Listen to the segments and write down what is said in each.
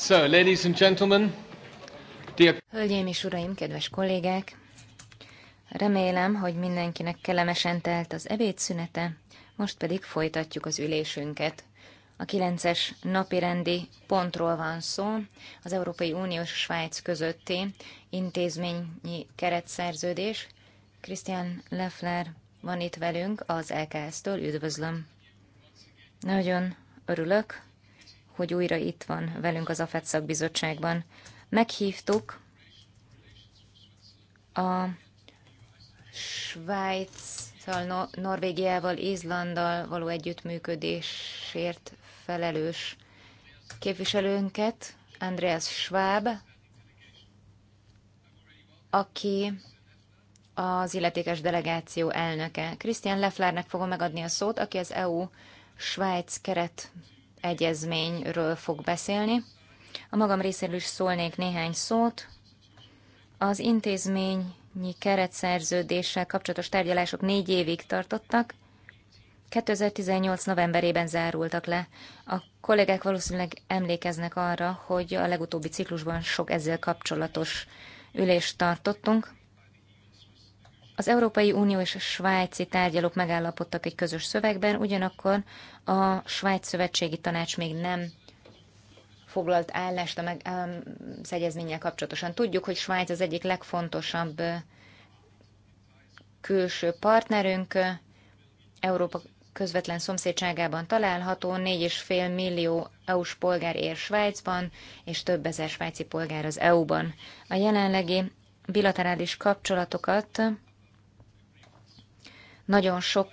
So, ladies and gentlemen, dear... Hölgyeim és uraim, kedves kollégák! Remélem, hogy mindenkinek kellemesen telt az ebédszünete, most pedig folytatjuk az ülésünket. A 9-es napirendi pontról van szó, az Európai Unió és Svájc közötti intézményi keretszerződés. Christian Leffler van itt velünk az LKS-től, üdvözlöm. Nagyon örülök, hogy újra itt van velünk az AFET szakbizottságban. Meghívtuk a Svájc, szóval Norvégiával, Izlanddal való együttműködésért felelős képviselőnket, Andreas Schwab, aki az illetékes delegáció elnöke. Christian Lefflernek fogom megadni a szót, aki az EU Svájc keret egyezményről fog beszélni. A magam részéről is szólnék néhány szót. Az intézményi keretszerződéssel kapcsolatos tárgyalások négy évig tartottak, 2018. novemberében zárultak le. A kollégák valószínűleg emlékeznek arra, hogy a legutóbbi ciklusban sok ezzel kapcsolatos ülést tartottunk. Az Európai Unió és a svájci tárgyalók megállapodtak egy közös szövegben, ugyanakkor a Svájc Szövetségi Tanács még nem foglalt állást a meg, az egyezménnyel kapcsolatosan. Tudjuk, hogy Svájc az egyik legfontosabb külső partnerünk, Európa közvetlen szomszédságában található, 4,5 millió EU-s polgár ér Svájcban, és több ezer svájci polgár az EU-ban. A jelenlegi bilaterális kapcsolatokat nagyon sok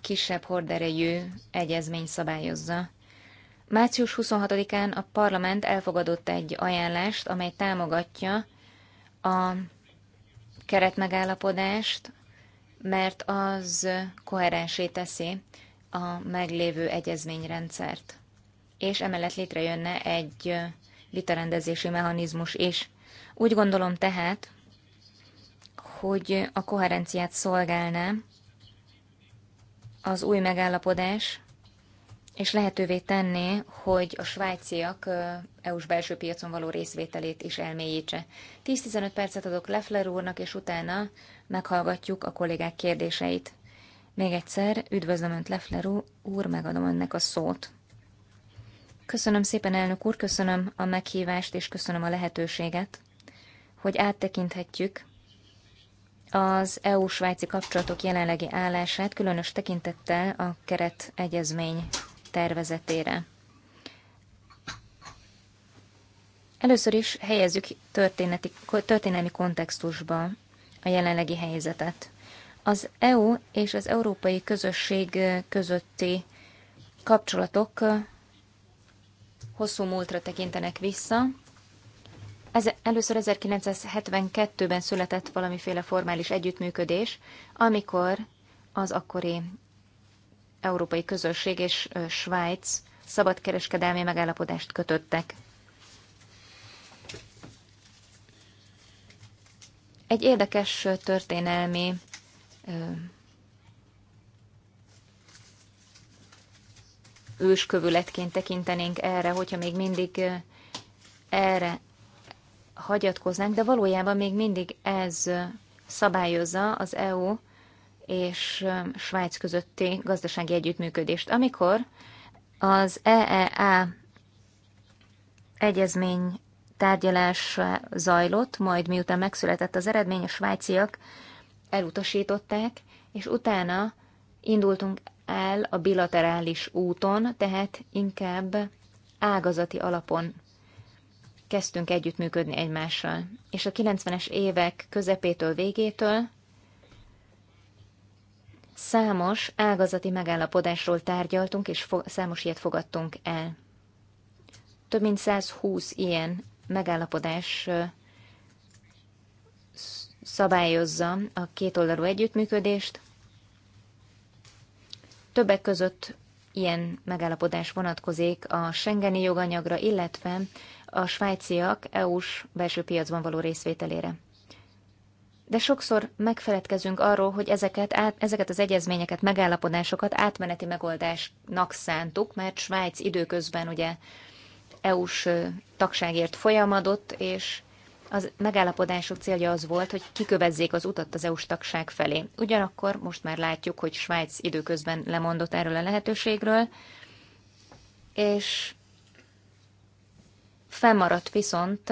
kisebb horderejű egyezmény szabályozza. Március 26-án a parlament elfogadott egy ajánlást, amely támogatja a keretmegállapodást, mert az koherensé teszi a meglévő egyezményrendszert. És emellett létrejönne egy vitarendezési mechanizmus is. Úgy gondolom tehát, hogy a koherenciát szolgálná az új megállapodás, és lehetővé tenné, hogy a svájciak EU-s belső piacon való részvételét is elmélyítse. 10-15 percet adok Leffler úrnak, és utána meghallgatjuk a kollégák kérdéseit. Még egyszer üdvözlöm Önt, Leffler úr, megadom Önnek a szót. Köszönöm szépen, elnök úr, köszönöm a meghívást, és köszönöm a lehetőséget, hogy áttekinthetjük az EU-svájci kapcsolatok jelenlegi állását, különös tekintettel a keret egyezmény tervezetére. Először is helyezzük történeti, történelmi kontextusba a jelenlegi helyzetet. Az EU és az európai közösség közötti kapcsolatok hosszú múltra tekintenek vissza, ez, először 1972-ben született valamiféle formális együttműködés, amikor az akkori Európai Közösség és Svájc szabadkereskedelmi megállapodást kötöttek. Egy érdekes történelmi őskövületként tekintenénk erre, hogyha még mindig erre hagyatkoznánk, de valójában még mindig ez szabályozza az EU és um, Svájc közötti gazdasági együttműködést. Amikor az EEA egyezmény tárgyalás zajlott, majd miután megszületett az eredmény, a svájciak elutasították, és utána indultunk el a bilaterális úton, tehát inkább ágazati alapon kezdtünk együttműködni egymással. És a 90-es évek közepétől végétől számos ágazati megállapodásról tárgyaltunk, és számos ilyet fogadtunk el. Több mint 120 ilyen megállapodás szabályozza a kétoldalú együttműködést. Többek között ilyen megállapodás vonatkozik a Schengeni joganyagra, illetve a svájciak EU-s belső piacban való részvételére. De sokszor megfeledkezünk arról, hogy ezeket, át, ezeket az egyezményeket, megállapodásokat átmeneti megoldásnak szántuk, mert Svájc időközben ugye EU-s tagságért folyamadott, és az megállapodások célja az volt, hogy kikövezzék az utat az EU-s tagság felé. Ugyanakkor most már látjuk, hogy Svájc időközben lemondott erről a lehetőségről, és Fennmaradt viszont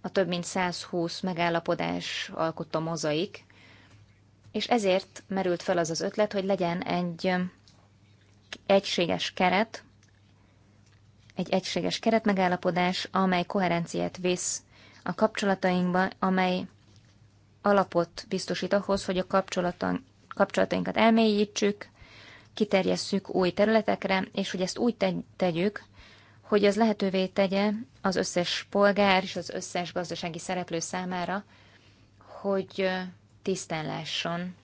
a több mint 120 megállapodás alkotta mozaik, és ezért merült fel az az ötlet, hogy legyen egy egységes keret, egy egységes keret megállapodás, amely koherenciát visz a kapcsolatainkba, amely alapot biztosít ahhoz, hogy a kapcsolatainkat elmélyítsük, kiterjesszük új területekre, és hogy ezt úgy tegyük, hogy az lehetővé tegye az összes polgár és az összes gazdasági szereplő számára, hogy tisztán lásson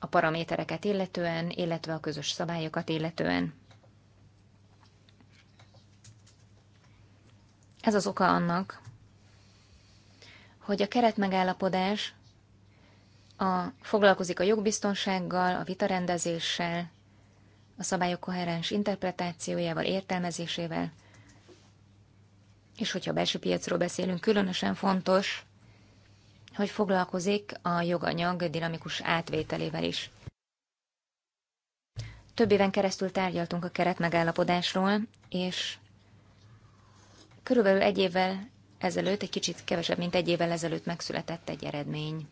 a paramétereket illetően, illetve a közös szabályokat illetően. Ez az oka annak, hogy a keretmegállapodás a, foglalkozik a jogbiztonsággal, a vitarendezéssel, a szabályok koherens interpretációjával, értelmezésével, és hogyha a belső piacról beszélünk, különösen fontos, hogy foglalkozik a joganyag dinamikus átvételével is. Több éven keresztül tárgyaltunk a keretmegállapodásról, és körülbelül egy évvel ezelőtt, egy kicsit kevesebb, mint egy évvel ezelőtt megszületett egy eredmény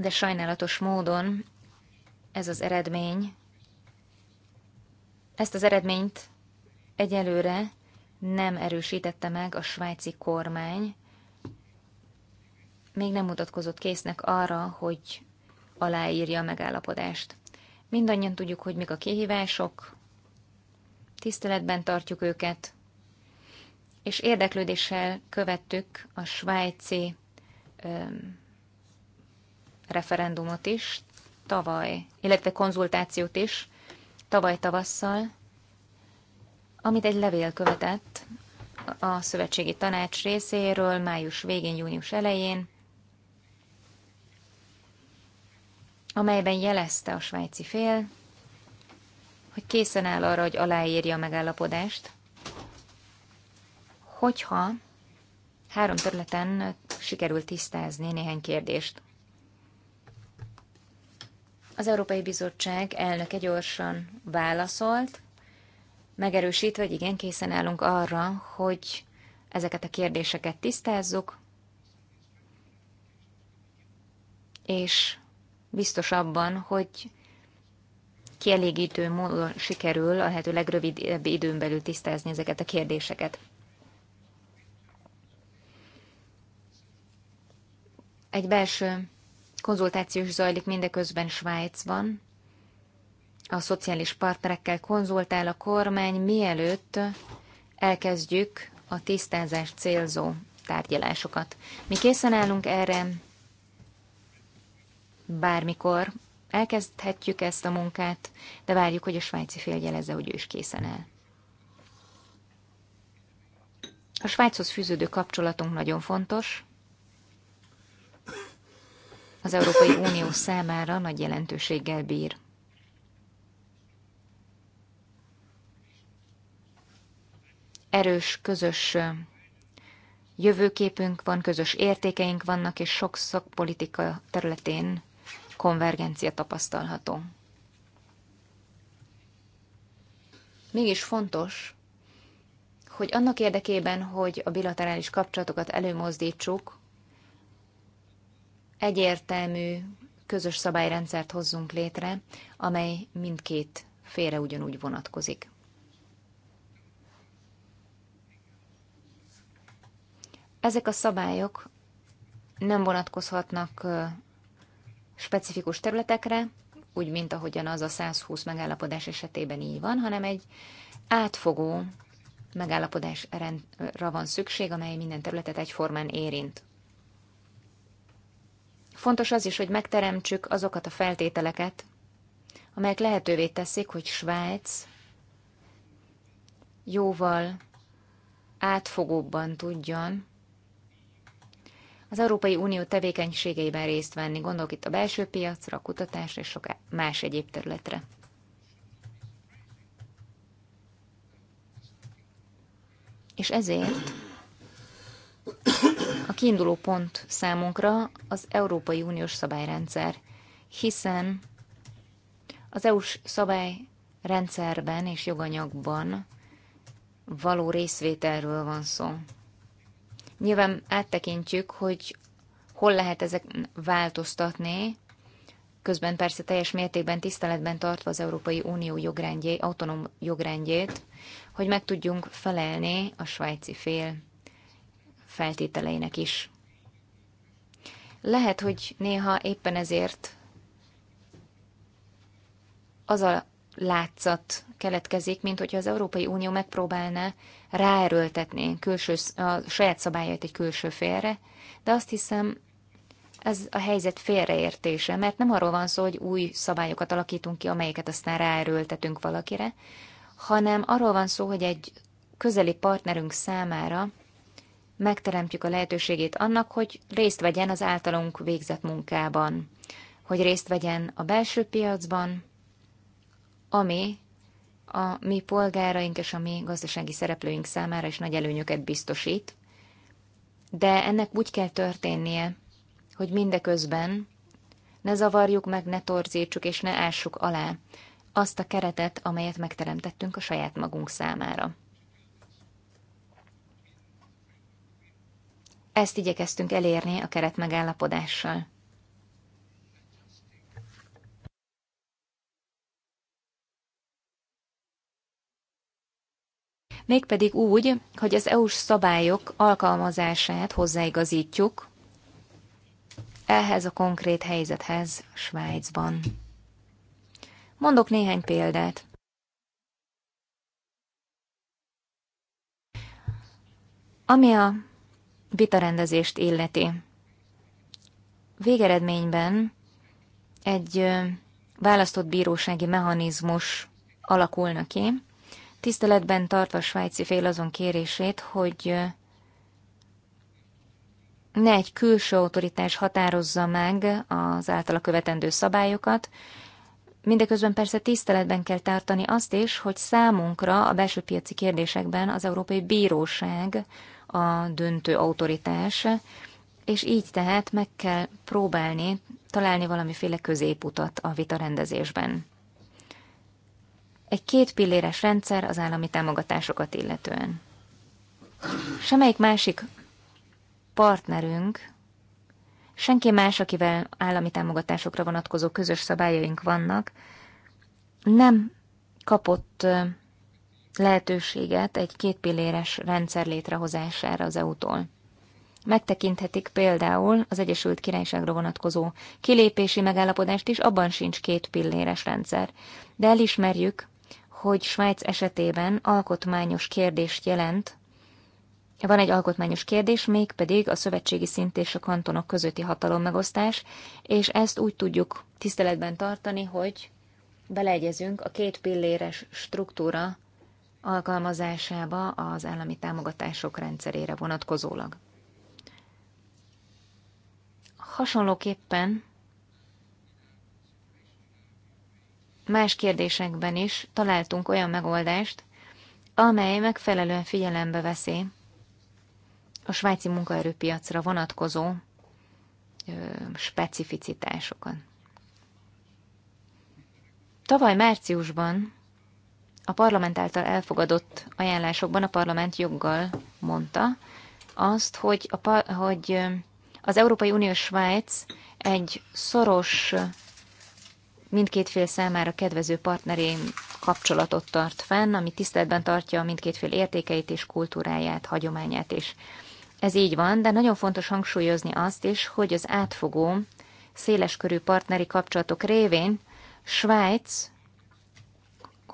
de sajnálatos módon ez az eredmény, ezt az eredményt egyelőre nem erősítette meg a svájci kormány, még nem mutatkozott késznek arra, hogy aláírja a megállapodást. Mindannyian tudjuk, hogy mik a kihívások, tiszteletben tartjuk őket, és érdeklődéssel követtük a svájci öm, referendumot is tavaly, illetve konzultációt is tavaly tavasszal, amit egy levél követett a Szövetségi Tanács részéről május végén, június elején, amelyben jelezte a svájci fél, hogy készen áll arra, hogy aláírja a megállapodást, hogyha három területen sikerült tisztázni néhány kérdést. Az Európai Bizottság elnöke gyorsan válaszolt, megerősítve, hogy igen, készen állunk arra, hogy ezeket a kérdéseket tisztázzuk, és biztos abban, hogy kielégítő módon sikerül a lehető legrövidebb időn belül tisztázni ezeket a kérdéseket. Egy belső Konzultáció is zajlik mindeközben Svájcban. A szociális partnerekkel konzultál a kormány, mielőtt elkezdjük a tisztázást célzó tárgyalásokat. Mi készen állunk erre bármikor. Elkezdhetjük ezt a munkát, de várjuk, hogy a svájci fél jelezze, hogy ő is készen áll. A Svájchoz fűződő kapcsolatunk nagyon fontos, az Európai Unió számára nagy jelentőséggel bír. Erős, közös jövőképünk van, közös értékeink vannak, és sok szakpolitika területén konvergencia tapasztalható. Mégis fontos, hogy annak érdekében, hogy a bilaterális kapcsolatokat előmozdítsuk, egyértelmű közös szabályrendszert hozzunk létre, amely mindkét félre ugyanúgy vonatkozik. Ezek a szabályok nem vonatkozhatnak specifikus területekre, úgy, mint ahogyan az a 120 megállapodás esetében így van, hanem egy átfogó megállapodásra van szükség, amely minden területet egyformán érint. Fontos az is, hogy megteremtsük azokat a feltételeket, amelyek lehetővé teszik, hogy Svájc jóval átfogóbban tudjon az Európai Unió tevékenységeiben részt venni, gondolok itt a belső piacra, a kutatásra és sok más egyéb területre. És ezért a kiinduló pont számunkra az Európai Uniós szabályrendszer, hiszen az EU-s szabályrendszerben és joganyagban való részvételről van szó. Nyilván áttekintjük, hogy hol lehet ezek változtatni, közben persze teljes mértékben tiszteletben tartva az Európai Unió jogrendjét, autonóm jogrendjét, hogy meg tudjunk felelni a svájci fél feltételeinek is. Lehet, hogy néha éppen ezért az a látszat keletkezik, mint hogyha az Európai Unió megpróbálná ráerőltetni külső, a saját szabályait egy külső félre, de azt hiszem, ez a helyzet félreértése, mert nem arról van szó, hogy új szabályokat alakítunk ki, amelyeket aztán ráerőltetünk valakire, hanem arról van szó, hogy egy közeli partnerünk számára megteremtjük a lehetőségét annak, hogy részt vegyen az általunk végzett munkában, hogy részt vegyen a belső piacban, ami a mi polgáraink és a mi gazdasági szereplőink számára is nagy előnyöket biztosít, de ennek úgy kell történnie, hogy mindeközben ne zavarjuk meg, ne torzítsuk és ne ássuk alá azt a keretet, amelyet megteremtettünk a saját magunk számára. Ezt igyekeztünk elérni a keretmegállapodással. Mégpedig úgy, hogy az EU-s szabályok alkalmazását hozzáigazítjuk ehhez a konkrét helyzethez Svájcban. Mondok néhány példát. Ami a vitarendezést illeti. Végeredményben egy választott bírósági mechanizmus alakulna ki, tiszteletben tartva a svájci fél azon kérését, hogy ne egy külső autoritás határozza meg az általa követendő szabályokat, Mindeközben persze tiszteletben kell tartani azt is, hogy számunkra a belső piaci kérdésekben az Európai Bíróság a döntő autoritás, és így tehát meg kell próbálni találni valamiféle középutat a vita rendezésben. Egy két pilléres rendszer az állami támogatásokat illetően. Semmelyik másik partnerünk, senki más, akivel állami támogatásokra vonatkozó közös szabályaink vannak, nem kapott lehetőséget egy kétpilléres rendszer létrehozására az EU-tól. Megtekinthetik például az Egyesült Királyságra vonatkozó kilépési megállapodást is, abban sincs két pilléres rendszer. De elismerjük, hogy Svájc esetében alkotmányos kérdést jelent, van egy alkotmányos kérdés, mégpedig a szövetségi szint és a kantonok közötti hatalommegosztás, és ezt úgy tudjuk tiszteletben tartani, hogy beleegyezünk a két pilléres struktúra alkalmazásába az állami támogatások rendszerére vonatkozólag. Hasonlóképpen más kérdésekben is találtunk olyan megoldást, amely megfelelően figyelembe veszi a svájci munkaerőpiacra vonatkozó ö, specificitásokat. Tavaly márciusban a parlament által elfogadott ajánlásokban a parlament joggal mondta azt, hogy, a, hogy az Európai Unió Svájc egy szoros, mindkét fél számára kedvező partneri kapcsolatot tart fenn, ami tiszteletben tartja mindkét fél értékeit és kultúráját, hagyományát is. Ez így van, de nagyon fontos hangsúlyozni azt is, hogy az átfogó, széleskörű partneri kapcsolatok révén Svájc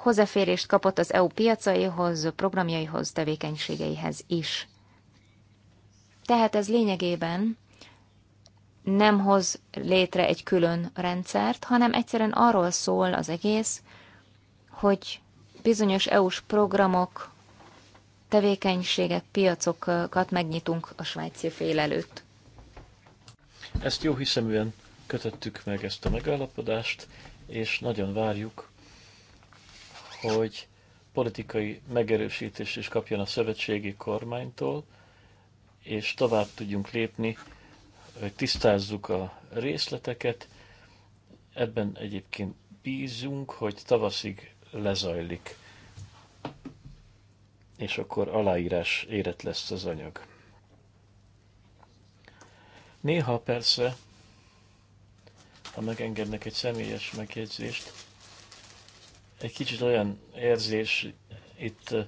hozzáférést kapott az EU piacaihoz, programjaihoz, tevékenységeihez is. Tehát ez lényegében nem hoz létre egy külön rendszert, hanem egyszerűen arról szól az egész, hogy bizonyos EU-s programok, tevékenységek, piacokat megnyitunk a svájci fél előtt. Ezt jó hiszeműen kötöttük meg ezt a megállapodást, és nagyon várjuk hogy politikai megerősítés is kapjon a szövetségi kormánytól, és tovább tudjunk lépni, hogy tisztázzuk a részleteket. Ebben egyébként bízunk, hogy tavaszig lezajlik, és akkor aláírás érett lesz az anyag. Néha persze, ha megengednek egy személyes megjegyzést, egy kicsit olyan érzés itt eh,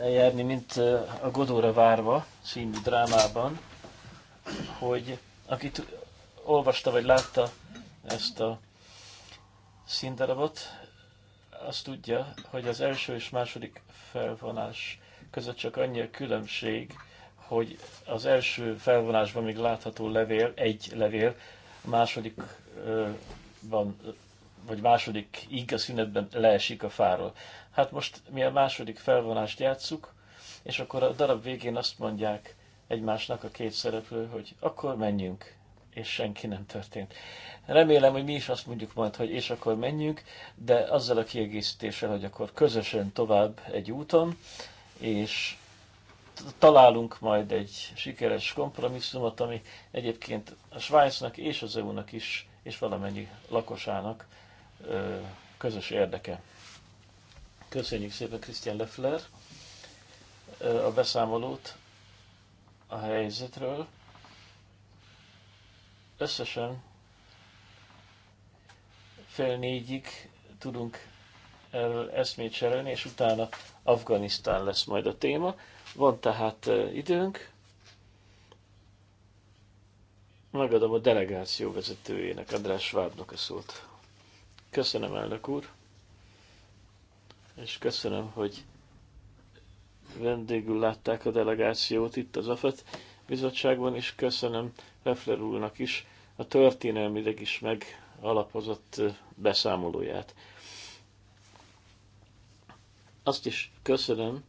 eljárni, mint eh, a Godóra várva című drámában, hogy akit olvasta vagy látta ezt a színdarabot, azt tudja, hogy az első és második felvonás között csak annyi a különbség, hogy az első felvonásban még látható levél, egy levél, a másodikban vagy második íg a szünetben leesik a fáról. Hát most mi a második felvonást játsszuk, és akkor a darab végén azt mondják egymásnak a két szereplő, hogy akkor menjünk, és senki nem történt. Remélem, hogy mi is azt mondjuk majd, hogy és akkor menjünk, de azzal a kiegészítéssel, hogy akkor közösen tovább egy úton, és találunk majd egy sikeres kompromisszumot, ami egyébként a Svájcnak és az EU-nak is, és valamennyi lakosának közös érdeke. Köszönjük szépen Christian Leffler a beszámolót a helyzetről. Összesen fél négyig tudunk erről eszmét cserélni, és utána Afganisztán lesz majd a téma. Van tehát időnk. Megadom a delegáció vezetőjének, András Schwabnak a szót. Köszönöm, elnök úr, és köszönöm, hogy vendégül látták a delegációt itt az AFET bizottságban, és köszönöm Leffler úrnak is a történelmileg is megalapozott beszámolóját. Azt is köszönöm,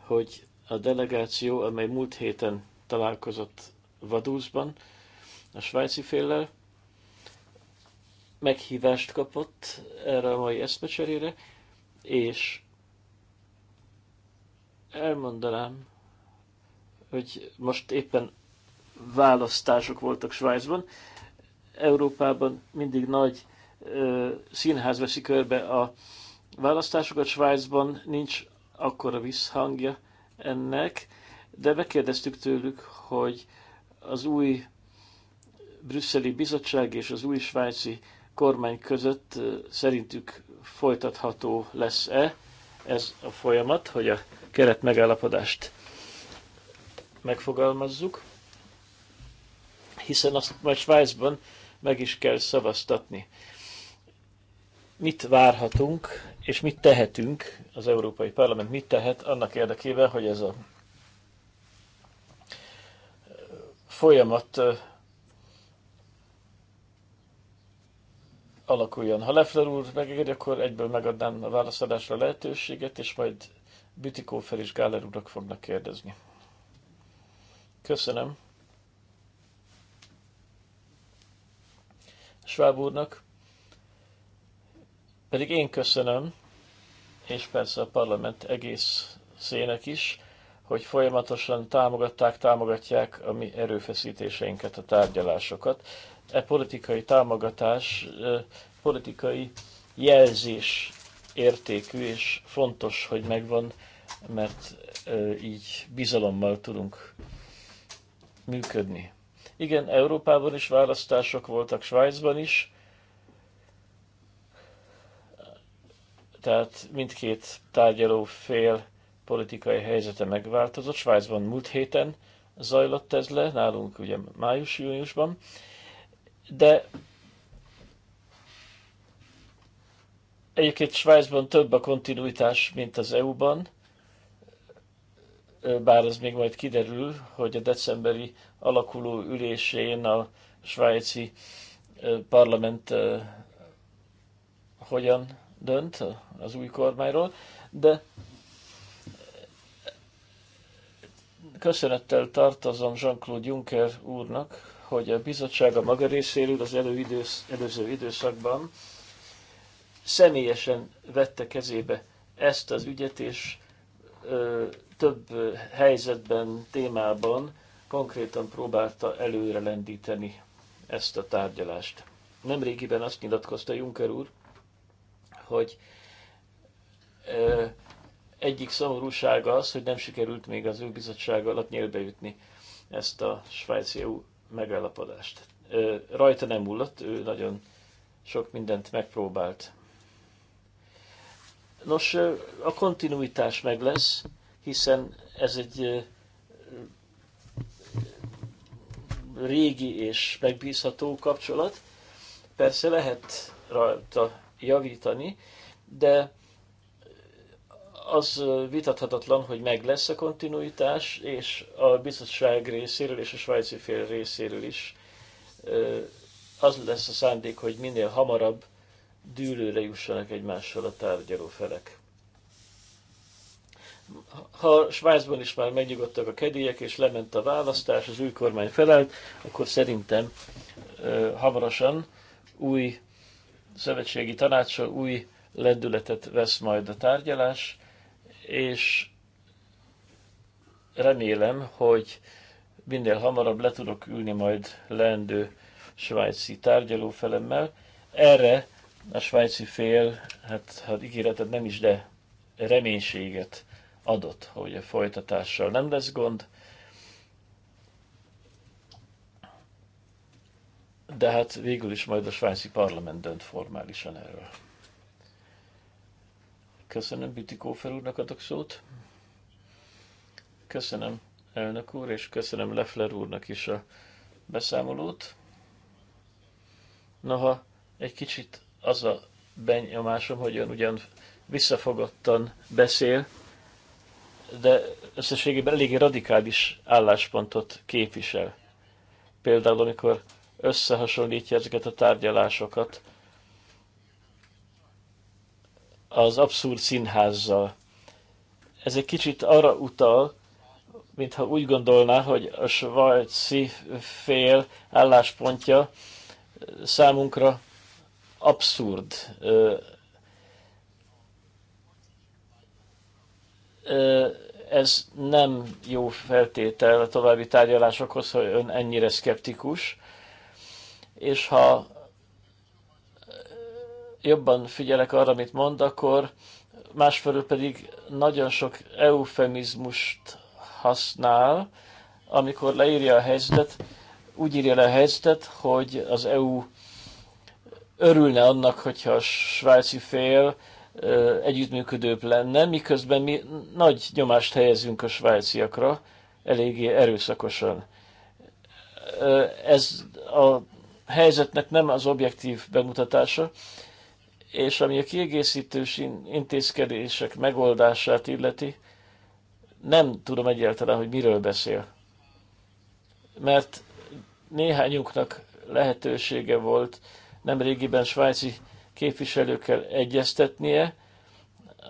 hogy a delegáció, amely múlt héten találkozott Vaduzban, a svájci féllel, meghívást kapott erre a mai eszmecserére, és elmondanám, hogy most éppen választások voltak Svájcban. Európában mindig nagy ö, színház veszi körbe a választásokat, Svájcban nincs akkora visszhangja ennek, de megkérdeztük tőlük, hogy az új brüsszeli bizottság és az új svájci kormány között szerintük folytatható lesz-e ez a folyamat, hogy a keret megállapodást megfogalmazzuk, hiszen azt majd Svájcban meg is kell szavaztatni. Mit várhatunk, és mit tehetünk, az Európai Parlament mit tehet annak érdekében, hogy ez a folyamat alakuljon. Ha Leffler úr megengedi, akkor egyből megadnám a válaszadásra a lehetőséget, és majd Bütikófer és Gáler urak fognak kérdezni. Köszönöm. Schwab úrnak. Pedig én köszönöm, és persze a parlament egész szének is, hogy folyamatosan támogatták, támogatják a mi erőfeszítéseinket, a tárgyalásokat e politikai támogatás e, politikai jelzés értékű, és fontos, hogy megvan, mert e, így bizalommal tudunk működni. Igen, Európában is választások voltak, Svájcban is, tehát mindkét tárgyaló fél politikai helyzete megváltozott. Svájcban múlt héten zajlott ez le, nálunk ugye május-júniusban, de egyébként Svájcban több a kontinuitás, mint az EU-ban, bár ez még majd kiderül, hogy a decemberi alakuló ülésén a svájci parlament hogyan dönt az új kormányról, de köszönettel tartozom Jean-Claude Juncker úrnak, hogy a bizottság a maga részéről az előidősz, előző időszakban személyesen vette kezébe ezt az ügyet, és ö, több helyzetben, témában konkrétan próbálta előre lendíteni ezt a tárgyalást. Nemrégiben azt nyilatkozta Juncker úr, hogy ö, egyik szomorúsága az, hogy nem sikerült még az ő bizottság alatt nyélbe jutni ezt a svájci EU megállapodást. Rajta nem múlott, ő nagyon sok mindent megpróbált. Nos, a kontinuitás meg lesz, hiszen ez egy régi és megbízható kapcsolat. Persze lehet rajta javítani, de az vitathatatlan, hogy meg lesz a kontinuitás, és a biztonság részéről és a svájci fél részéről is az lesz a szándék, hogy minél hamarabb dűlőre jussanak egymással a tárgyaló felek. Ha Svájcban is már megnyugodtak a kedélyek, és lement a választás, az új kormány felelt, akkor szerintem hamarosan új szövetségi tanácsa, új lendületet vesz majd a tárgyalás, és remélem, hogy minél hamarabb le tudok ülni majd leendő svájci tárgyalófelemmel. Erre a svájci fél, hát ha hát ígéretet nem is, de reménységet adott, hogy a folytatással nem lesz gond. De hát végül is majd a svájci parlament dönt formálisan erről. Köszönöm, Bütikófer úrnak adok szót. Köszönöm, elnök úr, és köszönöm Leffler úrnak is a beszámolót. Noha egy kicsit az a benyomásom, hogy ön ugyan visszafogottan beszél, de összességében eléggé radikális álláspontot képvisel. Például, amikor összehasonlítja ezeket a tárgyalásokat az abszurd színházzal. Ez egy kicsit arra utal, mintha úgy gondolná, hogy a svájci fél álláspontja számunkra abszurd. Ez nem jó feltétel a további tárgyalásokhoz, hogy ön ennyire szkeptikus, és ha jobban figyelek arra, amit mond, akkor másfelől pedig nagyon sok eufemizmust használ, amikor leírja a helyzetet, úgy írja le a helyzetet, hogy az EU örülne annak, hogyha a svájci fél együttműködőbb lenne, miközben mi nagy nyomást helyezünk a svájciakra, eléggé erőszakosan. Ez a helyzetnek nem az objektív bemutatása, és ami a kiegészítő intézkedések megoldását illeti, nem tudom egyáltalán, hogy miről beszél. Mert néhányunknak lehetősége volt nemrégiben svájci képviselőkkel egyeztetnie,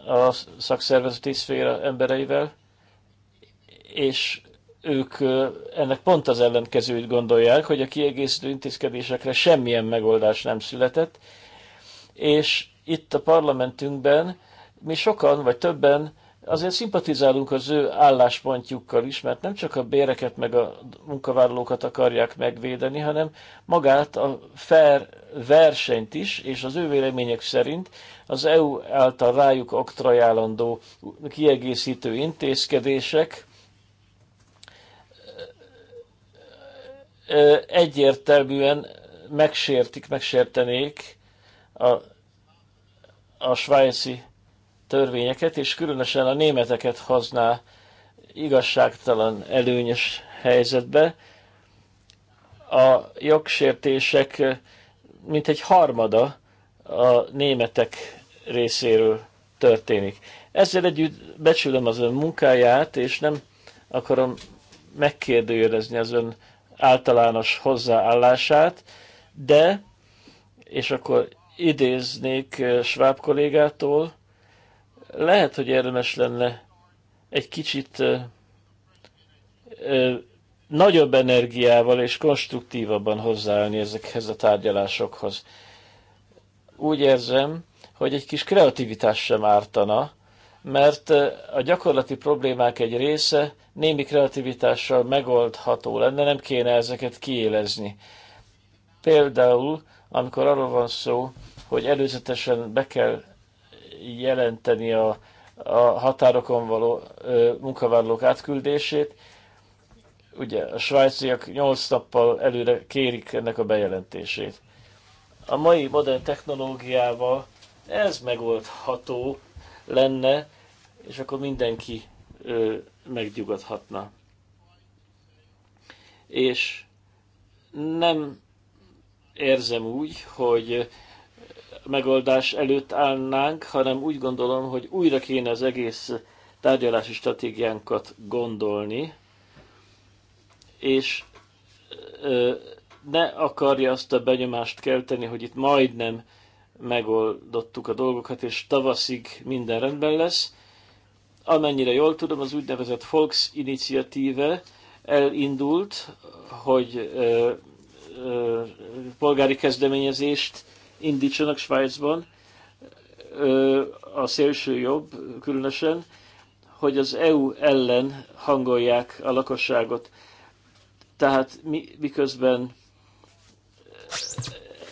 a szakszervezeti szféra embereivel, és ők ennek pont az ellenkezőjét gondolják, hogy a kiegészítő intézkedésekre semmilyen megoldás nem született, és itt a parlamentünkben mi sokan, vagy többen azért szimpatizálunk az ő álláspontjukkal is, mert nem csak a béreket meg a munkavállalókat akarják megvédeni, hanem magát a fair versenyt is, és az ő vélemények szerint az EU által rájuk oktrajálandó kiegészítő intézkedések egyértelműen megsértik, megsértenék a, a svájci törvényeket, és különösen a németeket hozná igazságtalan előnyös helyzetbe. A jogsértések mint egy harmada a németek részéről történik. Ezzel együtt becsülöm az ön munkáját, és nem akarom megkérdőjelezni az ön általános hozzáállását, de, és akkor idéznék eh, Schwab kollégától, lehet, hogy érdemes lenne egy kicsit ö, eh, ö, eh, nagyobb energiával és konstruktívabban hozzáállni ezekhez a tárgyalásokhoz. Úgy érzem, hogy egy kis kreativitás sem ártana, mert a gyakorlati problémák egy része némi kreativitással megoldható lenne, nem kéne ezeket kiélezni. Például amikor arról van szó, hogy előzetesen be kell jelenteni a, a határokon való ö, munkavállalók átküldését. Ugye a svájciak 8 nappal előre kérik ennek a bejelentését. A mai modern technológiával ez megoldható lenne, és akkor mindenki ö, megnyugodhatna. És nem érzem úgy, hogy megoldás előtt állnánk, hanem úgy gondolom, hogy újra kéne az egész tárgyalási stratégiánkat gondolni, és ne akarja azt a benyomást kelteni, hogy itt majdnem megoldottuk a dolgokat, és tavaszig minden rendben lesz. Amennyire jól tudom, az úgynevezett Volks iniciatíve elindult, hogy polgári kezdeményezést indítsanak Svájcban, a szélső jobb különösen, hogy az EU ellen hangolják a lakosságot. Tehát mi, miközben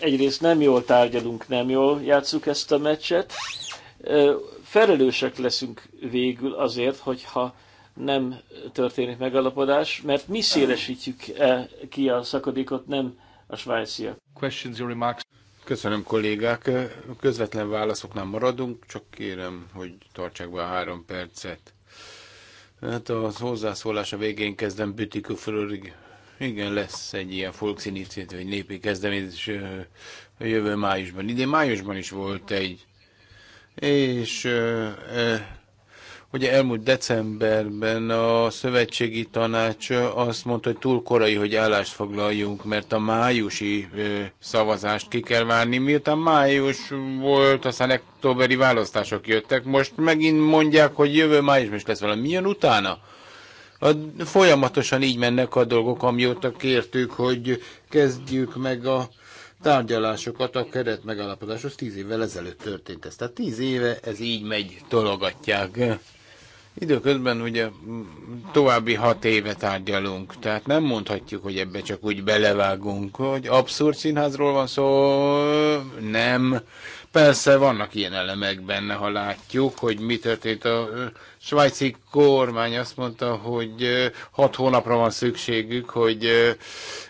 egyrészt nem jól tárgyalunk, nem jól játszuk ezt a meccset, felelősek leszünk végül azért, hogyha nem történik megalapodás, mert mi szélesítjük -e ki a szakadékot, nem a svájciak. Questions, your remarks. Köszönöm kollégák, közvetlen válaszoknál maradunk, csak kérem, hogy tartsák be a három percet. Hát a hozzászólás a végén kezdem fölörig. Igen, lesz egy ilyen folkszínészítő, egy népi kezdeményezés a jövő májusban. Idén májusban is volt egy, és e, Ugye elmúlt decemberben a szövetségi tanács azt mondta, hogy túl korai, hogy állást foglaljunk, mert a májusi szavazást ki kell várni. Miután május volt, aztán októberi választások jöttek. Most megint mondják, hogy jövő május is lesz valami. Milyen utána? A, folyamatosan így mennek a dolgok, amióta kértük, hogy kezdjük meg a tárgyalásokat a keret megalapodáshoz Tíz évvel ezelőtt történt ez. Tehát tíz éve ez így megy, tologatják. Időközben ugye további hat éve tárgyalunk, tehát nem mondhatjuk, hogy ebbe csak úgy belevágunk, hogy abszurd színházról van szó, nem. Persze vannak ilyen elemek benne, ha látjuk, hogy mi történt. A svájci kormány azt mondta, hogy hat hónapra van szükségük, hogy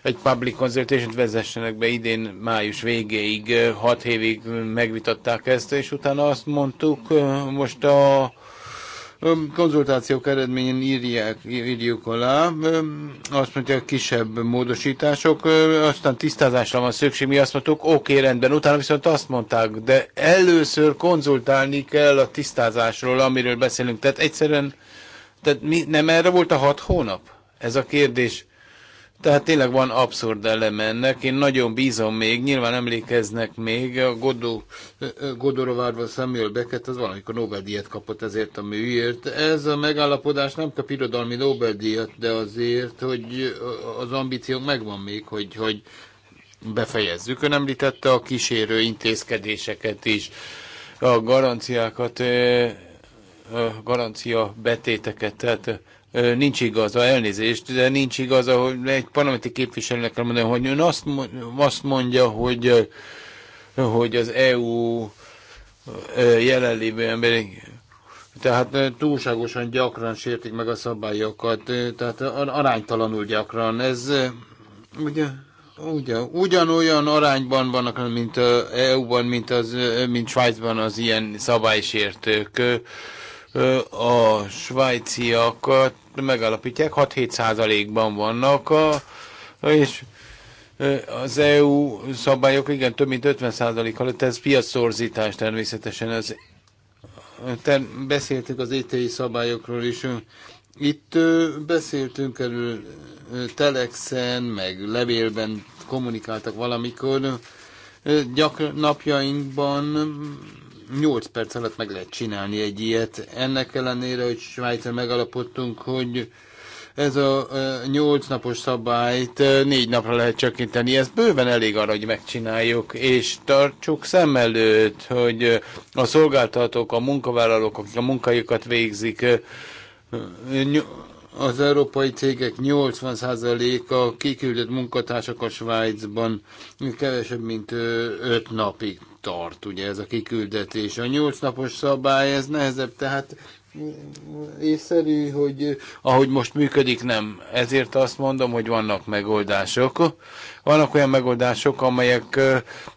egy public consultation vezessenek be idén május végéig, hat évig megvitatták ezt, és utána azt mondtuk, most a konzultációk eredményén írják, írjuk alá, azt mondja, kisebb módosítások, aztán tisztázásra van szükség, mi azt mondtuk, oké, okay, rendben, utána viszont azt mondták, de először konzultálni kell a tisztázásról, amiről beszélünk, tehát egyszerűen, tehát mi, nem erre volt a hat hónap? Ez a kérdés. Tehát tényleg van abszurd eleme ennek. Én nagyon bízom még, nyilván emlékeznek még, a Godó, Godorovárban Samuel Beckett az valamikor Nobel-díjat kapott ezért a műért. Ez a megállapodás nem kap irodalmi Nobel-díjat, de azért, hogy az ambíciónk megvan még, hogy, hogy befejezzük. Ön említette a kísérő intézkedéseket is, a garanciákat, a garancia betéteket, tehát nincs igaza, elnézést, de nincs igaza, hogy egy parlamenti képviselőnek kell mondani, hogy ön azt, azt mondja, hogy, hogy az EU jelenlévő emberek tehát túlságosan gyakran sértik meg a szabályokat, tehát aránytalanul gyakran. Ez ugye, ugye, ugyanolyan arányban vannak, mint az EU-ban, mint, az, mint Svájcban az ilyen szabálysértők a svájciakat megalapítják, 6-7 százalékban vannak, a, és az EU szabályok, igen, több mint 50 százalék alatt, ez piacszorzítás természetesen. Az, ter, beszéltük az ETI szabályokról is. Itt beszéltünk erről telexen, meg levélben kommunikáltak valamikor. Gyakran napjainkban 8 perc alatt meg lehet csinálni egy ilyet. Ennek ellenére, hogy Svájcra megalapodtunk, hogy ez a 8 napos szabályt 4 napra lehet csökkenteni. Ez bőven elég arra, hogy megcsináljuk, és tartsuk szem előtt, hogy a szolgáltatók, a munkavállalók, akik a munkájukat végzik, az európai cégek 80%-a kiküldött munkatársak a Svájcban kevesebb, mint 5 napig tart, ugye ez a kiküldetés. A 8 napos szabály, ez nehezebb, tehát észszerű, hogy ahogy most működik, nem. Ezért azt mondom, hogy vannak megoldások. Vannak olyan megoldások, amelyek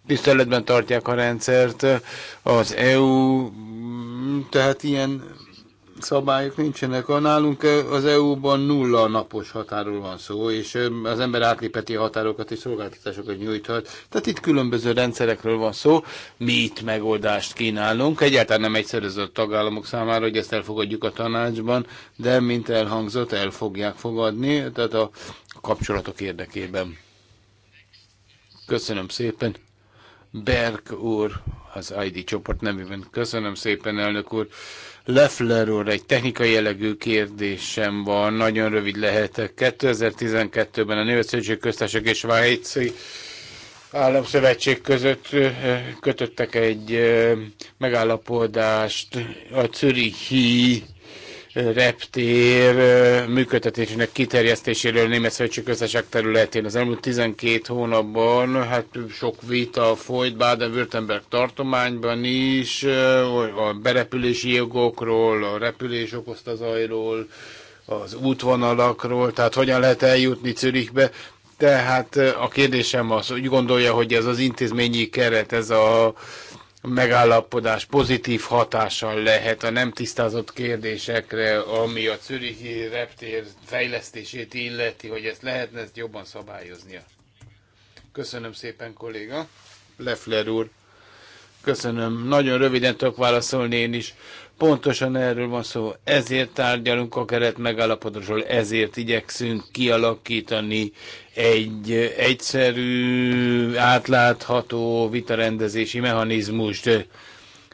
tiszteletben tartják a rendszert, az EU, tehát ilyen szabályok nincsenek. A nálunk eh, az EU-ban nulla napos határól van szó, és eh, az ember átlépeti a határokat és szolgáltatásokat nyújthat. Tehát itt különböző rendszerekről van szó. Mi itt megoldást kínálunk. Egyáltalán nem egyszerű a tagállamok számára, hogy ezt elfogadjuk a tanácsban, de mint elhangzott, el fogják fogadni, tehát a kapcsolatok érdekében. Köszönöm szépen. Berg úr, az ID csoport nevében. Köszönöm szépen, elnök úr. Leffler úr, egy technikai jellegű kérdésem van, nagyon rövid lehetek. 2012-ben a Nőszövetség Köztársaság és Svájci Államszövetség között kötöttek egy megállapodást a Zürichi reptér működtetésének kiterjesztéséről Német Köztársaság területén. Az elmúlt 12 hónapban hát sok vita folyt Baden-Württemberg tartományban is, a berepülési jogokról, a repülés okozta zajról, az útvonalakról, tehát hogyan lehet eljutni Zürichbe. Tehát a kérdésem az, úgy gondolja, hogy ez az intézményi keret, ez a megállapodás pozitív hatással lehet a nem tisztázott kérdésekre, ami a Czürichi reptér fejlesztését illeti, hogy ezt lehetne ezt jobban szabályoznia. Köszönöm szépen, kolléga. Leffler úr. Köszönöm. Nagyon röviden tudok válaszolni én is. Pontosan erről van szó, ezért tárgyalunk a keret megállapodásról, ezért igyekszünk kialakítani egy egyszerű, átlátható vitarendezési mechanizmust.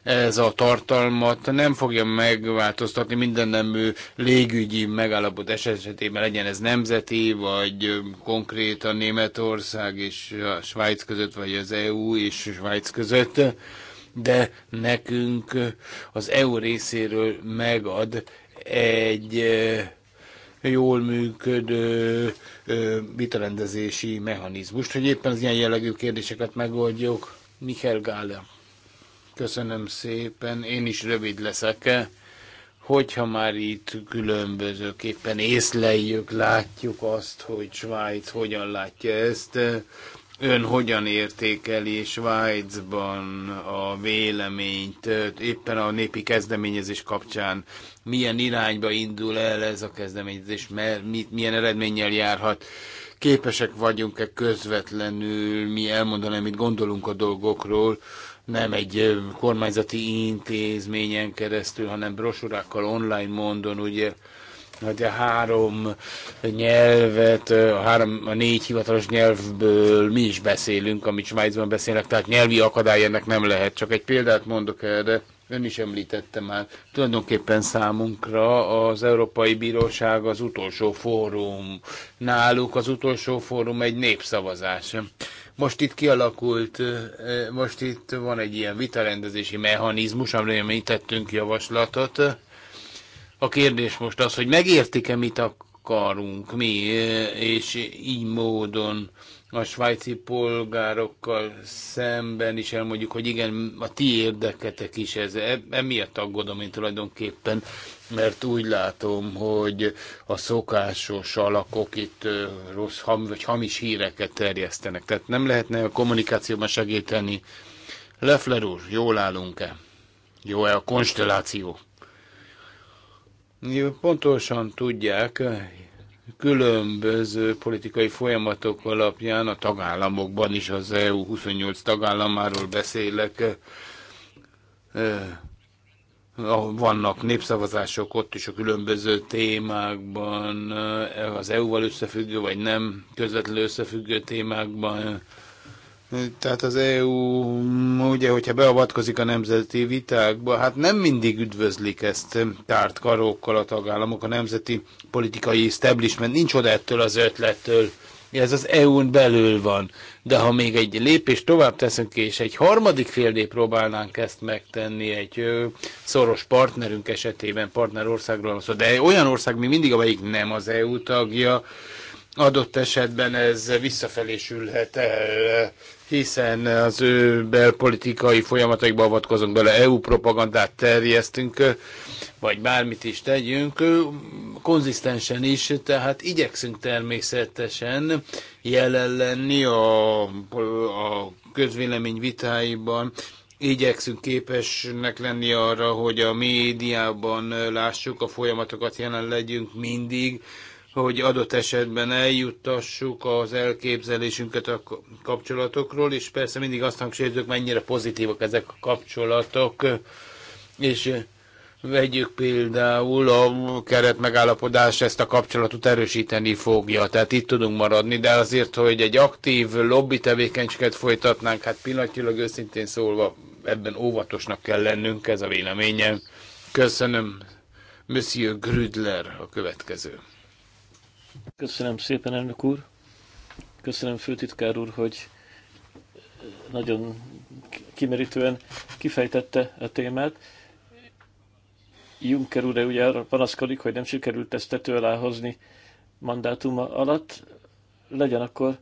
Ez a tartalmat nem fogja megváltoztatni minden nemű légügyi megállapodás esetében, legyen ez nemzeti, vagy konkrétan Németország és a Svájc között, vagy az EU és Svájc között de nekünk az EU részéről megad egy jól működő vitarendezési mechanizmust, hogy éppen az ilyen jellegű kérdéseket megoldjuk. Michael Gále, Köszönöm szépen, én is rövid leszek. Hogyha már itt különbözőképpen észleljük, látjuk azt, hogy Svájc hogyan látja ezt, Ön hogyan értékeli Svájcban a véleményt, éppen a népi kezdeményezés kapcsán? Milyen irányba indul el ez a kezdeményezés, milyen eredménnyel járhat? Képesek vagyunk-e közvetlenül mi elmondani, amit gondolunk a dolgokról, nem egy kormányzati intézményen keresztül, hanem brosurákkal online mondon, ugye hogy a három nyelvet, a, három, a négy hivatalos nyelvből mi is beszélünk, amit Svájcban beszélnek, tehát nyelvi akadály ennek nem lehet. Csak egy példát mondok erre, ön is említette már, tulajdonképpen számunkra az Európai Bíróság az utolsó fórum. Náluk az utolsó fórum egy népszavazás. Most itt kialakult, most itt van egy ilyen vitarendezési mechanizmus, amire mi tettünk javaslatot, a kérdés most az, hogy megértik-e, mit akarunk mi, és így módon a svájci polgárokkal szemben is elmondjuk, hogy igen, a ti érdeketek is ez. E, emiatt aggódom én tulajdonképpen, mert úgy látom, hogy a szokásos alakok itt rossz ham, vagy hamis híreket terjesztenek. Tehát nem lehetne a kommunikációban segíteni. Leffler úr, jól állunk-e? Jó-e a konstelláció? Pontosan tudják, eh, különböző politikai folyamatok alapján a tagállamokban is, az EU 28 tagállamáról beszélek, eh, eh, vannak népszavazások ott is a különböző témákban, az EU-val összefüggő vagy nem közvetlenül összefüggő témákban, tehát az EU, ugye, hogyha beavatkozik a nemzeti vitákba, hát nem mindig üdvözlik ezt tárt karókkal a tagállamok, a nemzeti politikai establishment nincs oda ettől az ötlettől. Ez az EU-n belül van. De ha még egy lépést tovább teszünk, és egy harmadik félné próbálnánk ezt megtenni egy ö, szoros partnerünk esetében, partnerországról van szó, de olyan ország mi mindig, amelyik nem az EU tagja, adott esetben ez visszafelé sülhet el hiszen az ő belpolitikai folyamataikba avatkozunk bele, EU propagandát terjesztünk, vagy bármit is tegyünk, konzisztensen is, tehát igyekszünk természetesen jelen lenni a, a közvélemény vitáiban, igyekszünk képesnek lenni arra, hogy a médiában lássuk a folyamatokat, jelen legyünk mindig, hogy adott esetben eljuttassuk az elképzelésünket a kapcsolatokról, és persze mindig azt hangsúlyozok, mennyire pozitívak ezek a kapcsolatok, és eh, vegyük például a keretmegállapodás ezt a kapcsolatot erősíteni fogja, tehát itt tudunk maradni, de azért, hogy egy aktív lobby tevékenységet folytatnánk, hát pillanatilag őszintén szólva ebben óvatosnak kell lennünk, ez a véleményem. Köszönöm, Monsieur Grüdler a következő. Köszönöm szépen, elnök úr. Köszönöm, főtitkár úr, hogy eh, nagyon kimerítően kifejtette a témát. Juncker úr ugye arra panaszkodik, hogy nem sikerült ezt tető alá hozni mandátuma alatt. Legyen akkor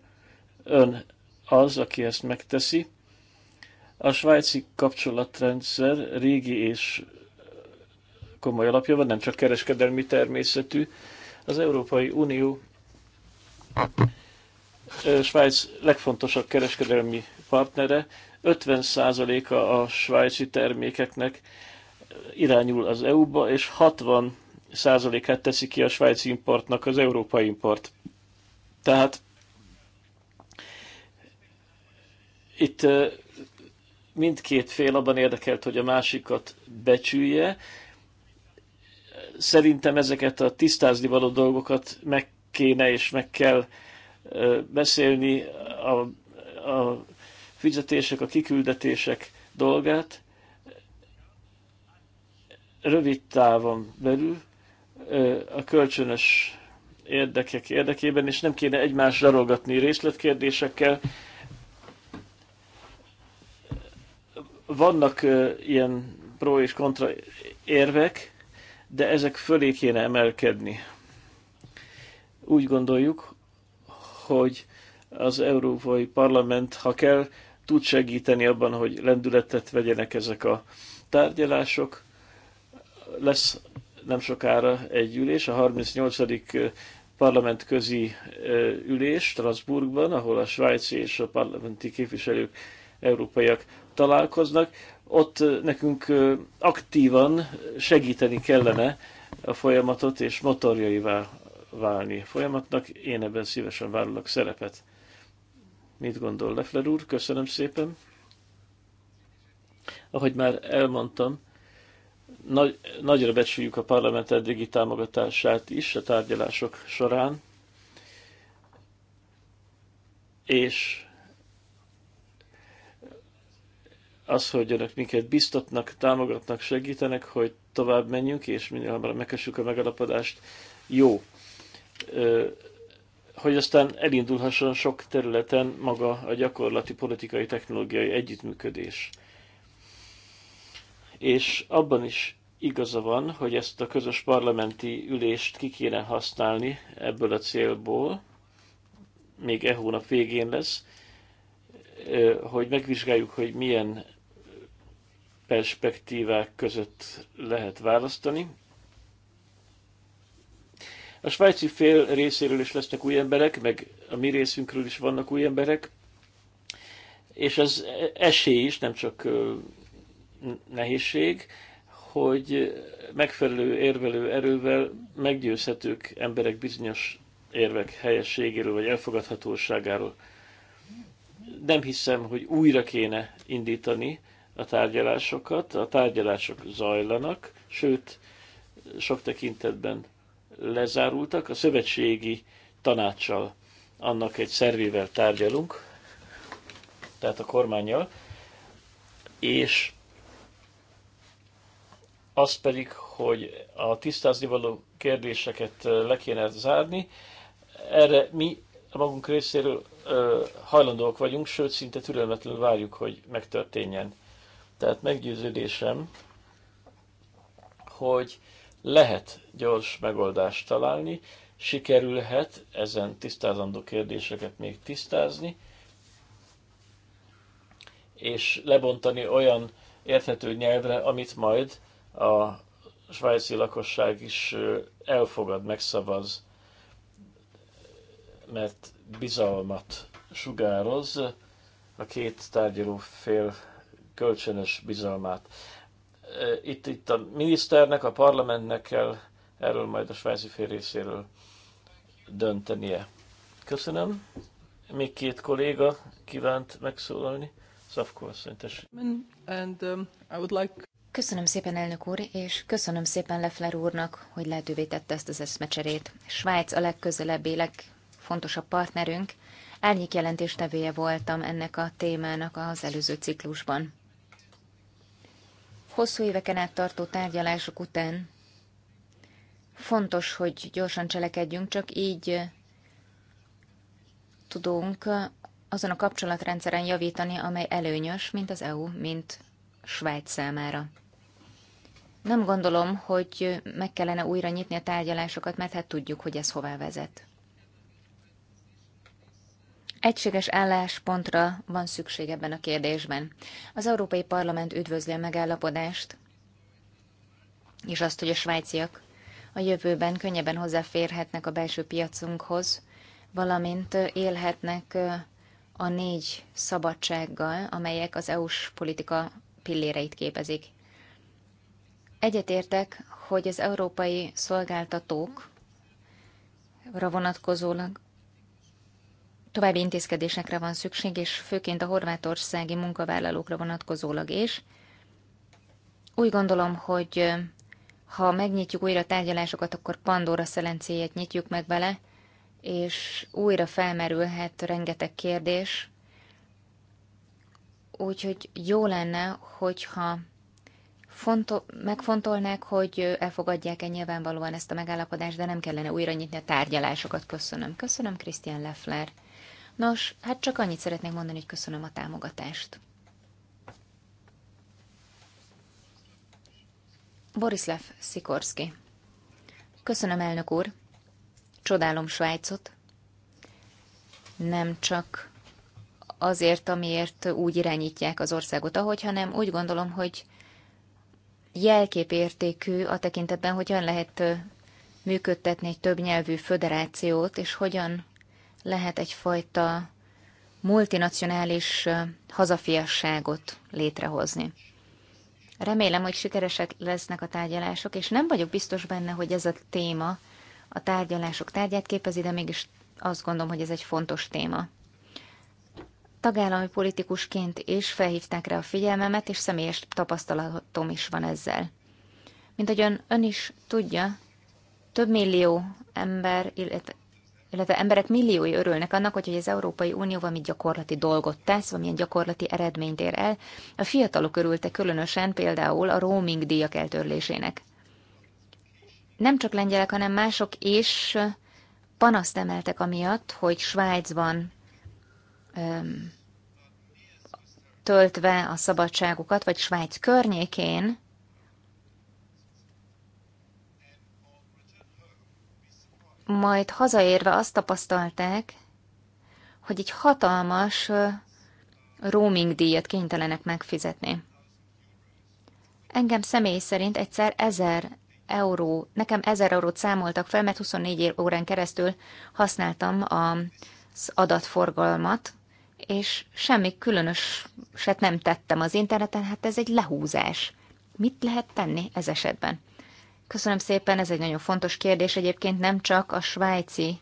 ön az, aki ezt megteszi. A svájci kapcsolatrendszer régi és komoly alapja van, nem csak kereskedelmi természetű, az Európai Unió Svájc legfontosabb kereskedelmi partnere, 50%-a a svájci termékeknek irányul az EU-ba, és 60%-át teszi ki a svájci importnak az európai import. Tehát itt mindkét fél abban érdekelt, hogy a másikat becsülje, szerintem ezeket a tisztázni való dolgokat meg kéne és meg kell beszélni a, a fizetések, a kiküldetések dolgát rövid távon belül a kölcsönös érdekek érdekében, és nem kéne egymás zsarolgatni részletkérdésekkel. Vannak ilyen pro és kontra érvek, de ezek fölé kéne emelkedni. Úgy gondoljuk, hogy az Európai Parlament, ha kell, tud segíteni abban, hogy lendületet vegyenek ezek a tárgyalások. Lesz nem sokára egy ülés, a 38. parlament közi ülés Strasbourgban, ahol a svájci és a parlamenti képviselők európaiak találkoznak ott nekünk aktívan segíteni kellene a folyamatot, és motorjaivá válni a folyamatnak. Én ebben szívesen vállalok szerepet. Mit gondol Lefler úr? Köszönöm szépen. Ahogy már elmondtam, nagy, nagyra becsüljük a parlament eddigi támogatását is a tárgyalások során, és az, hogy önök minket biztatnak, támogatnak, segítenek, hogy tovább menjünk, és minél hamarabb megkössük a megalapodást, jó. Hogy aztán elindulhasson sok területen maga a gyakorlati politikai technológiai együttműködés. És abban is igaza van, hogy ezt a közös parlamenti ülést ki kéne használni ebből a célból, még e hónap végén lesz, hogy megvizsgáljuk, hogy milyen perspektívák között lehet választani. A svájci fél részéről is lesznek új emberek, meg a mi részünkről is vannak új emberek, és ez esély is, nem csak nehézség, hogy megfelelő érvelő erővel meggyőzhetők emberek bizonyos érvek helyességéről vagy elfogadhatóságáról. Nem hiszem, hogy újra kéne indítani a tárgyalásokat, a tárgyalások zajlanak, sőt, sok tekintetben lezárultak. A szövetségi tanácssal, annak egy szervével tárgyalunk, tehát a kormányjal, és az pedig, hogy a tisztázni való kérdéseket le kéne zárni. Erre mi a magunk részéről hajlandóak vagyunk, sőt, szinte türelmetlenül várjuk, hogy megtörténjen tehát meggyőződésem, hogy lehet gyors megoldást találni, sikerülhet ezen tisztázandó kérdéseket még tisztázni, és lebontani olyan érthető nyelvre, amit majd a svájci lakosság is elfogad, megszavaz, mert bizalmat sugároz a két tárgyaló fél kölcsönös bizalmát. Itt, itt a miniszternek, a parlamentnek kell erről majd a svájci fél részéről döntenie. Köszönöm. Még két kolléga kívánt megszólalni. Szafko And, um, I would like... Köszönöm szépen, elnök úr, és köszönöm szépen Leffler úrnak, hogy lehetővé tette ezt az eszmecserét. Svájc a legközelebbi, legfontosabb partnerünk. Árnyék jelentéstevője voltam ennek a témának az előző ciklusban hosszú éveken át tartó tárgyalások után fontos, hogy gyorsan cselekedjünk, csak így tudunk azon a kapcsolatrendszeren javítani, amely előnyös, mint az EU, mint Svájc számára. Nem gondolom, hogy meg kellene újra nyitni a tárgyalásokat, mert hát tudjuk, hogy ez hová vezet. Egységes álláspontra van szükség ebben a kérdésben. Az Európai Parlament üdvözli a megállapodást, és azt, hogy a svájciak a jövőben könnyebben hozzáférhetnek a belső piacunkhoz, valamint élhetnek a négy szabadsággal, amelyek az EU-s politika pilléreit képezik. Egyetértek, hogy az európai szolgáltatókra vonatkozólag további intézkedésekre van szükség, és főként a horvátországi munkavállalókra vonatkozólag is. Úgy gondolom, hogy ha megnyitjuk újra tárgyalásokat, akkor Pandora szelencéjét nyitjuk meg vele, és újra felmerülhet rengeteg kérdés. Úgyhogy jó lenne, hogyha fonto- megfontolnák, hogy elfogadják-e nyilvánvalóan ezt a megállapodást, de nem kellene újra nyitni a tárgyalásokat. Köszönöm. Köszönöm, Krisztián Leffler. Nos, hát csak annyit szeretnék mondani, hogy köszönöm a támogatást. Borislav Szikorszki. Köszönöm, elnök úr. Csodálom Svájcot. Nem csak azért, amiért úgy irányítják az országot, ahogy, hanem úgy gondolom, hogy jelképértékű a tekintetben, hogyan lehet működtetni egy többnyelvű föderációt, és hogyan lehet egyfajta multinacionális hazafiasságot létrehozni. Remélem, hogy sikeresek lesznek a tárgyalások, és nem vagyok biztos benne, hogy ez a téma a tárgyalások tárgyát képezi, de mégis azt gondolom, hogy ez egy fontos téma. Tagállami politikusként is felhívták rá a figyelmemet, és személyes tapasztalatom is van ezzel. Mint ahogyan ön is tudja, több millió ember, illetve illetve emberek milliói örülnek annak, hogy az Európai Unió valami gyakorlati dolgot tesz, valamilyen gyakorlati eredményt ér el. A fiatalok örültek különösen például a roaming díjak eltörlésének. Nem csak lengyelek, hanem mások is panaszt emeltek amiatt, hogy Svájcban öm, töltve a szabadságukat, vagy Svájc környékén majd hazaérve azt tapasztalták, hogy egy hatalmas roaming díjat kénytelenek megfizetni. Engem személy szerint egyszer 1000 euró, nekem 1000 eurót számoltak fel, mert 24 órán keresztül használtam az adatforgalmat, és semmi különöset nem tettem az interneten, hát ez egy lehúzás. Mit lehet tenni ez esetben? Köszönöm szépen, ez egy nagyon fontos kérdés egyébként nem csak a svájci,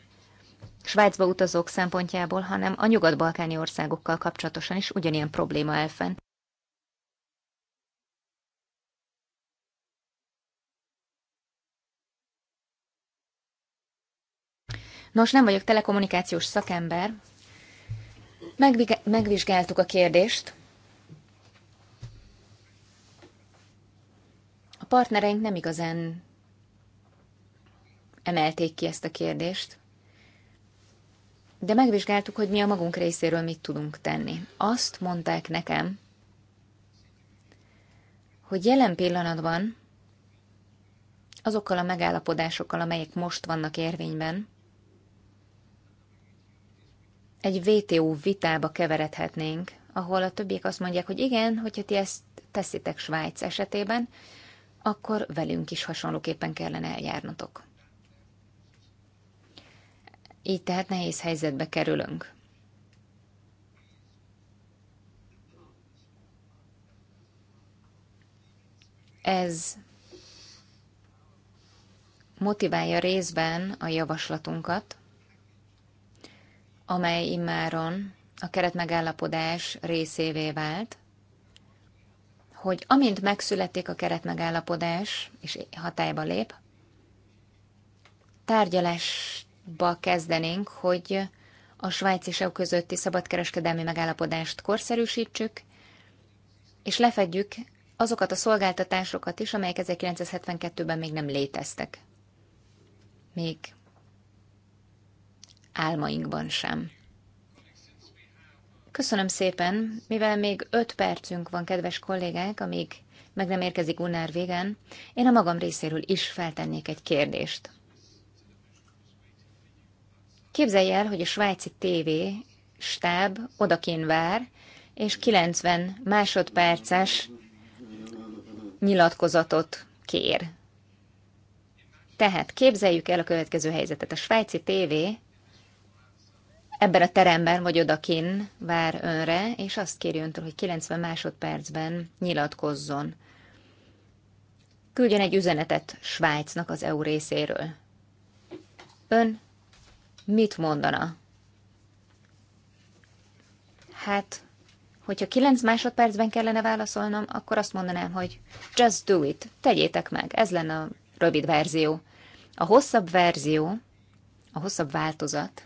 Svájcba utazók szempontjából, hanem a nyugat-balkáni országokkal kapcsolatosan is ugyanilyen probléma elfen. Nos, nem vagyok telekommunikációs szakember. Megvizsgáltuk a kérdést, partnereink nem igazán emelték ki ezt a kérdést, de megvizsgáltuk, hogy mi a magunk részéről mit tudunk tenni. Azt mondták nekem, hogy jelen pillanatban azokkal a megállapodásokkal, amelyek most vannak érvényben, egy VTO vitába keveredhetnénk, ahol a többiek azt mondják, hogy igen, hogyha ti ezt teszitek Svájc esetében, akkor velünk is hasonlóképpen kellene eljárnotok. Így tehát nehéz helyzetbe kerülünk. Ez motiválja részben a javaslatunkat, amely immáron a keretmegállapodás részévé vált, hogy amint megszületik a keretmegállapodás, és hatályba lép, tárgyalásba kezdenénk, hogy a Svájc és EU közötti szabadkereskedelmi megállapodást korszerűsítsük, és lefedjük azokat a szolgáltatásokat is, amelyek 1972-ben még nem léteztek. Még álmainkban sem. Köszönöm szépen, mivel még öt percünk van, kedves kollégák, amíg meg nem érkezik Unár végen, én a magam részéről is feltennék egy kérdést. Képzelj el, hogy a svájci TV stáb odakin vár, és 90 másodperces nyilatkozatot kér. Tehát képzeljük el a következő helyzetet. A svájci TV ebben a teremben vagy odakin vár önre, és azt kéri öntől, hogy 90 másodpercben nyilatkozzon. Küldjön egy üzenetet Svájcnak az EU részéről. Ön mit mondana? Hát, hogyha 9 másodpercben kellene válaszolnom, akkor azt mondanám, hogy just do it, tegyétek meg, ez lenne a rövid verzió. A hosszabb verzió, a hosszabb változat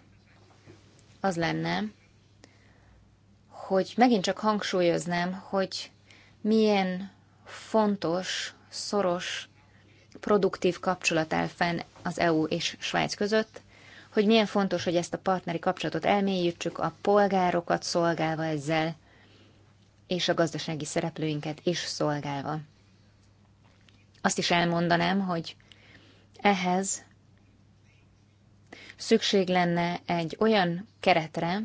az lenne, hogy megint csak hangsúlyoznám, hogy milyen fontos, szoros, produktív kapcsolat áll fenn az EU és Svájc között, hogy milyen fontos, hogy ezt a partneri kapcsolatot elmélyítsük, a polgárokat szolgálva ezzel, és a gazdasági szereplőinket is szolgálva. Azt is elmondanám, hogy ehhez szükség lenne egy olyan keretre,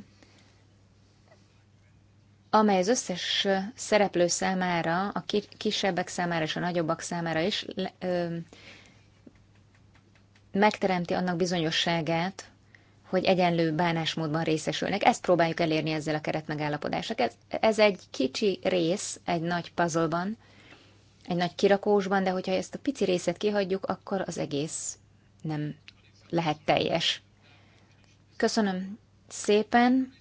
amely az összes szereplő számára, a kisebbek számára és a nagyobbak számára is ö, megteremti annak bizonyosságát, hogy egyenlő bánásmódban részesülnek. Ezt próbáljuk elérni ezzel a keretmegállapodásnak. Ez, ez egy kicsi rész egy nagy puzzleban, egy nagy kirakósban, de hogyha ezt a pici részet kihagyjuk, akkor az egész nem lehet teljes. Köszönöm szépen.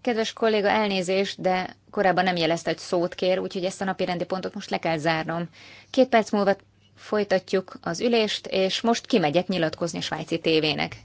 Kedves kolléga, elnézést, de korábban nem jelezte, hogy szót kér, úgyhogy ezt a napi rendi pontot most le kell zárnom. Két perc múlva folytatjuk az ülést, és most kimegyek nyilatkozni a svájci tévének.